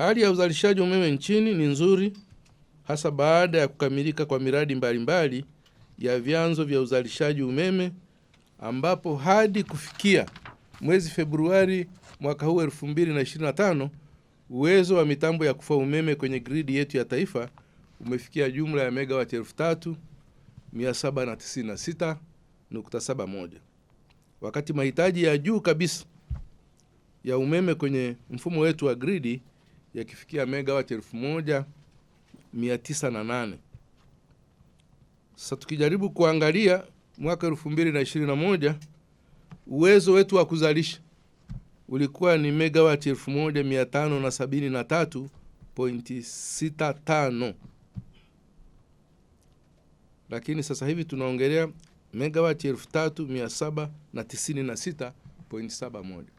Hali ya uzalishaji umeme nchini ni nzuri, hasa baada ya kukamilika kwa miradi mbalimbali mbali ya vyanzo vya uzalishaji umeme ambapo hadi kufikia mwezi Februari mwaka huu 2025 uwezo wa mitambo ya kufua umeme kwenye gridi yetu ya taifa umefikia jumla ya megawati 3796.71 wakati mahitaji ya juu kabisa ya umeme kwenye mfumo wetu wa gridi yakifikia megawati elfu moja mia tisa na nane. Sasa tukijaribu kuangalia mwaka elfu mbili na ishirini na moja uwezo wetu wa kuzalisha ulikuwa ni megawati elfu moja mia tano na sabini na tatu pointi sita tano lakini sasa hivi tunaongelea megawati elfu tatu mia saba na tisini na sita pointi saba moja.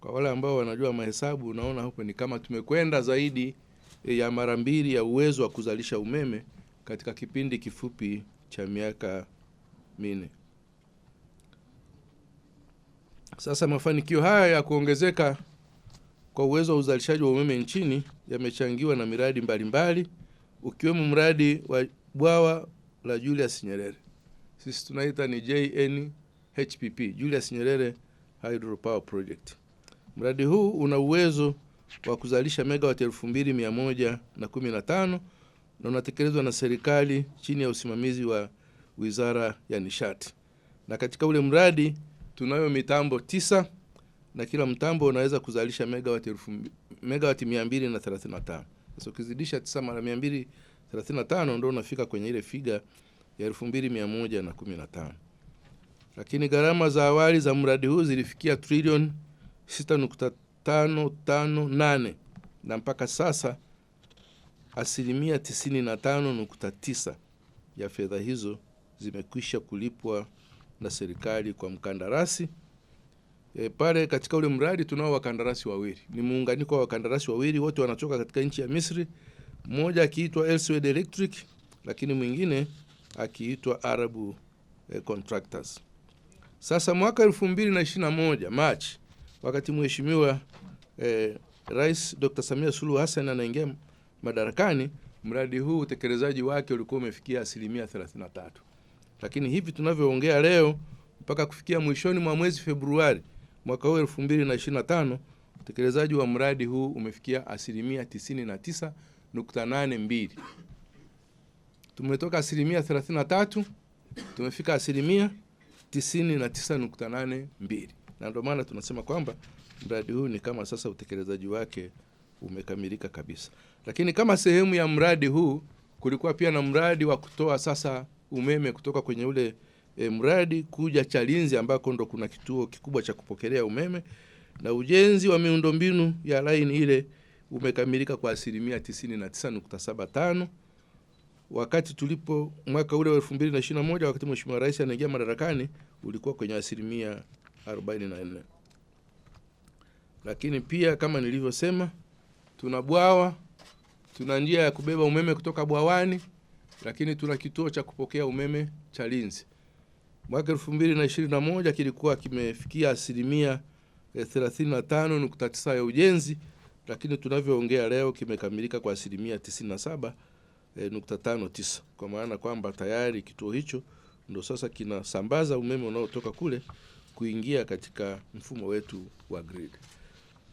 Kwa wale ambao wanajua mahesabu, unaona huko ni kama tumekwenda zaidi eh, ya mara mbili ya uwezo wa kuzalisha umeme katika kipindi kifupi cha miaka minne. Sasa mafanikio haya ya kuongezeka kwa uwezo wa uzalishaji wa umeme nchini yamechangiwa na miradi mbalimbali ukiwemo mradi wa bwawa la Julius Nyerere, sisi tunaita ni JNHPP, Julius Nyerere Hydropower Project. Mradi huu una uwezo wa kuzalisha megawati 2115 na, na unatekelezwa na serikali chini ya usimamizi wa Wizara ya Nishati. Na katika ule mradi tunayo mitambo tisa na kila mtambo unaweza kuzalisha megawati megawati 235. Sasa ukizidisha tisa mara 235 ndo unafika kwenye ile figa ya 2115. Lakini gharama za awali za mradi huu zilifikia trilioni 6.558 na mpaka sasa asilimia 95.9 ya fedha hizo zimekwisha kulipwa na serikali kwa mkandarasi. E, pale katika ule mradi tunao wakandarasi wawili, ni muunganiko wa wakandarasi wawili, wote wanatoka katika nchi ya Misri, mmoja akiitwa Elsewed Electric, lakini mwingine akiitwa Arabu e, Contractors. Sasa mwaka 2021 Machi wakati mheshimiwa eh, Rais Dr. Samia Suluhu Hassan anaingia madarakani, mradi huu utekelezaji wake ulikuwa umefikia asilimia 33, lakini hivi tunavyoongea leo mpaka kufikia mwishoni mwa mwezi Februari mwaka huu tano utekelezaji wa mradi huu umefikia asilimia 99.82. Tumetoka asilimia 33 tumefika asilimia 99.82 na ndio maana tunasema kwamba mradi huu ni kama sasa utekelezaji wake umekamilika kabisa. Lakini kama sehemu ya mradi huu kulikuwa pia na mradi wa kutoa sasa umeme kutoka kwenye ule e, mradi kuja Chalinze ambako ndo kuna kituo kikubwa cha kupokelea umeme na ujenzi wa miundombinu ya laini ile umekamilika kwa asilimia 99.75 wakati tulipo mwaka ule wa 2021 wakati Mheshimiwa Rais anaingia madarakani ulikuwa kwenye asilimia 44. Lakini pia kama nilivyosema, tuna bwawa, tuna njia ya kubeba umeme kutoka bwawani, lakini tuna kituo cha kupokea umeme cha Linzi. Mwaka moja kilikuwa kimefikia asilimia 35.9 eh, ya ujenzi, lakini tunavyoongea leo kimekamilika kwa asilimia 97.59, eh, kwa maana kwamba tayari kituo hicho ndo sasa kinasambaza umeme unaotoka kule kuingia katika mfumo wetu wa grid.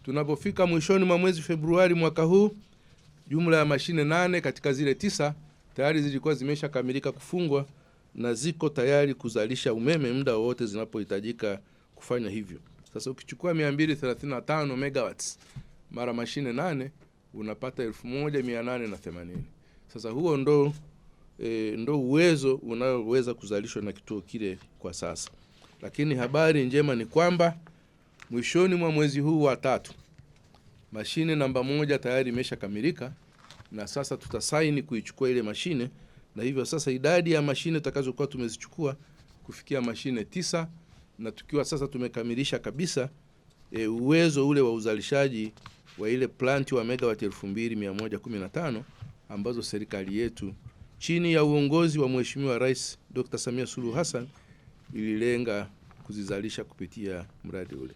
Tunapofika mwishoni mwa mwezi Februari mwaka huu, jumla ya mashine nane katika zile tisa tayari zilikuwa zimeshakamilika kufungwa na ziko tayari kuzalisha umeme muda wowote zinapohitajika kufanya hivyo. Sasa ukichukua 235 megawatts mara mashine nane unapata 1880. Sasa huo ndo, e, ndo uwezo unaoweza kuzalishwa na kituo kile kwa sasa. Lakini habari njema ni kwamba mwishoni mwa mwezi huu wa tatu mashine namba moja tayari imeshakamilika na sasa tutasaini kuichukua ile mashine, na hivyo sasa idadi ya mashine tutakazokuwa tumezichukua kufikia mashine tisa, na tukiwa sasa tumekamilisha kabisa e, uwezo ule wa uzalishaji wa ile planti wa megawati 2115 ambazo serikali yetu chini ya uongozi wa Mheshimiwa Rais Dr. Samia Suluhu Hassan ililenga kuzizalisha kupitia mradi ule.